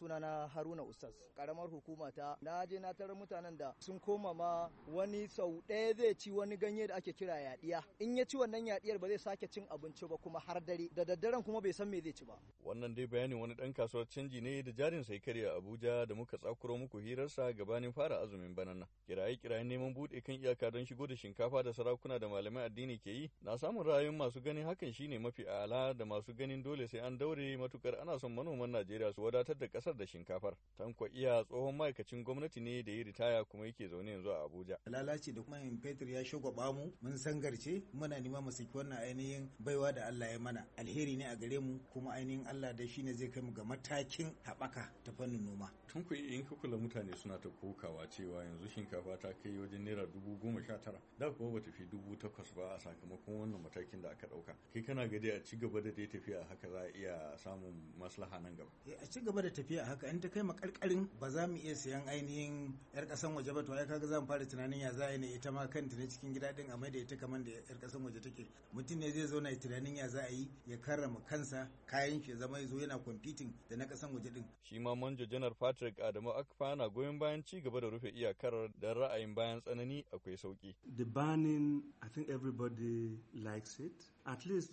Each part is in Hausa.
sunana Haruna Ustaz karamar hukuma ta na je na tarar mutanen da sun koma ma wani sau ɗaya zai ci wani ganye da ake kira yaɗiya in ya ci wannan yaɗiyar ba zai sake cin abinci ba kuma har dare da daddaren kuma bai san me zai ci ba wannan dai bayanin wani dan kasuwar canji ne da jarin sai karya Abuja da muka tsakuro muku hirarsa gabanin fara azumin banana kiraye kirayen neman bude kan iyaka don shigo da shinkafa da sarakuna da malamai addini ke yi na samun rayuwar masu ganin hakan shine mafi ala da masu ganin dole sai an daure matukar ana son manoman Najeriya su wadatar da kasar. kasar da shinkafar. Tanko iya tsohon ma'aikacin gwamnati ne da ya ritaya kuma yake zaune yanzu a Abuja. Lalace da kuma yin fetur ya shagwaba mu mun sangarce muna nema mu saki wannan ainihin baiwa da Allah ya mana. Alheri ne a gare mu kuma ainihin Allah da shine zai kai mu ga matakin haɓaka ta fannin noma. Tanko in ka kula mutane suna ta kokawa cewa yanzu shinkafa ta kai wajen naira dubu goma sha tara da kuma bata fi dubu takwas ba a sakamakon wannan matakin da aka ɗauka. Kai kana gadi a ci gaba da dai tafiya haka za a iya samun maslaha nan gaba. Eh, a ci gaba da tafiya a haka in ta kai makarkarin ba za mu iya siyan ainihin yar kasan waje ba to ai kaga mu fara tunanin ya za a ne ita ma kanta na cikin gida din a da ita kamar da yar kasan waje take mutum ne zai zo na tunanin ya za a yi ya karrama kansa kayan shi zama ya zo yana competing da na kasan waje din shi ma manjo janar Patrick Adamu Akfa na goyon bayan ci gaba da rufe iyakar da ra'ayin bayan tsanani akwai sauki the banning i think everybody likes it at least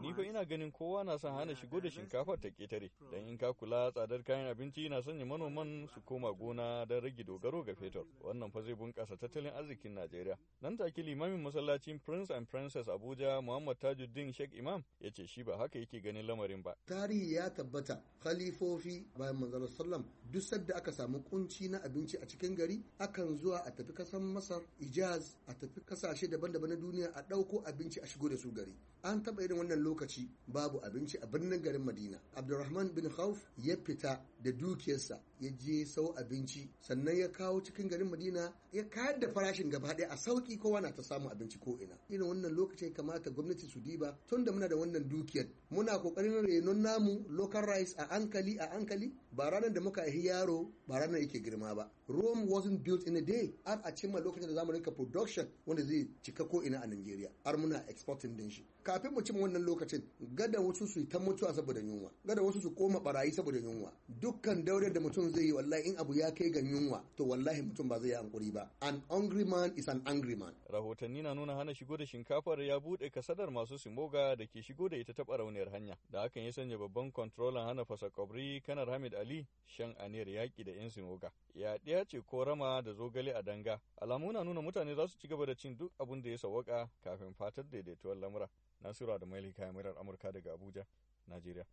Ni fa ina ganin kowa na son hana shigo da shinkafar ta ketare, don in ka kula tsadar kayan abinci na sanya manoman su koma gona don rage dogaro ga fetur. Wannan fa zai bunƙasa tattalin arzikin Najeriya. Nan take limamin masallacin Prince and Princess Abuja Muhammad Tajuddin Sheikh Imam ya ce shi ba haka yake ganin lamarin ba. Tarihi ya tabbata khalifofi bayan manzon sallam duk sadda aka samu kunci na abinci a cikin gari akan zuwa a tafi kasan Masar, Ijaz, a tafi kasashe daban-daban na duniya a ɗauko abinci a shigo da su gari. An taɓa irin wannan lokaci babu abinci a birnin garin madina abdurrahman bin khauf ya fita da dukiyarsa ya je sau abinci sannan ya kawo cikin garin madina ya kayar da farashin gaba ɗaya a sauki kowa na ta samun abinci ko ina irin wannan lokacin kamata gwamnati su diba tun da muna da wannan dukiyar muna kokarin renon namu local rice a ankali a ankali. ba ranar da muka yi yaro ba ranar yake girma ba Rome wasn't built in a day har a cimma lokacin da zamu rinka production wanda zai cika ko ina a Nigeria har muna exporting din shi kafin mu cimma wannan lokacin gada wasu su ta mutuwa saboda yunwa gada wasu su koma barayi saboda yunwa dukkan daure da mutum zai yi wallahi in abu ya kai ga yunwa to wallahi mutum ba zai yi hankuri ba an angry man is an angry man rahotanni na nuna hana shigo da shinkafar ya bude kasadar masu simoga da ke shigo da ita ta barauniyar hanya da hakan ya sanya babban controller hana fasa kabri kanar hamid ali shan aniyar yaki da yan simoga ya ɗaya ce ko rama da zogale a danga alamu na nuna mutane za su ci gaba da cin duk abin da ya sawaka kafin fatar daidaituwar lamura nasiru da maili kayan murar amurka daga abuja najeriya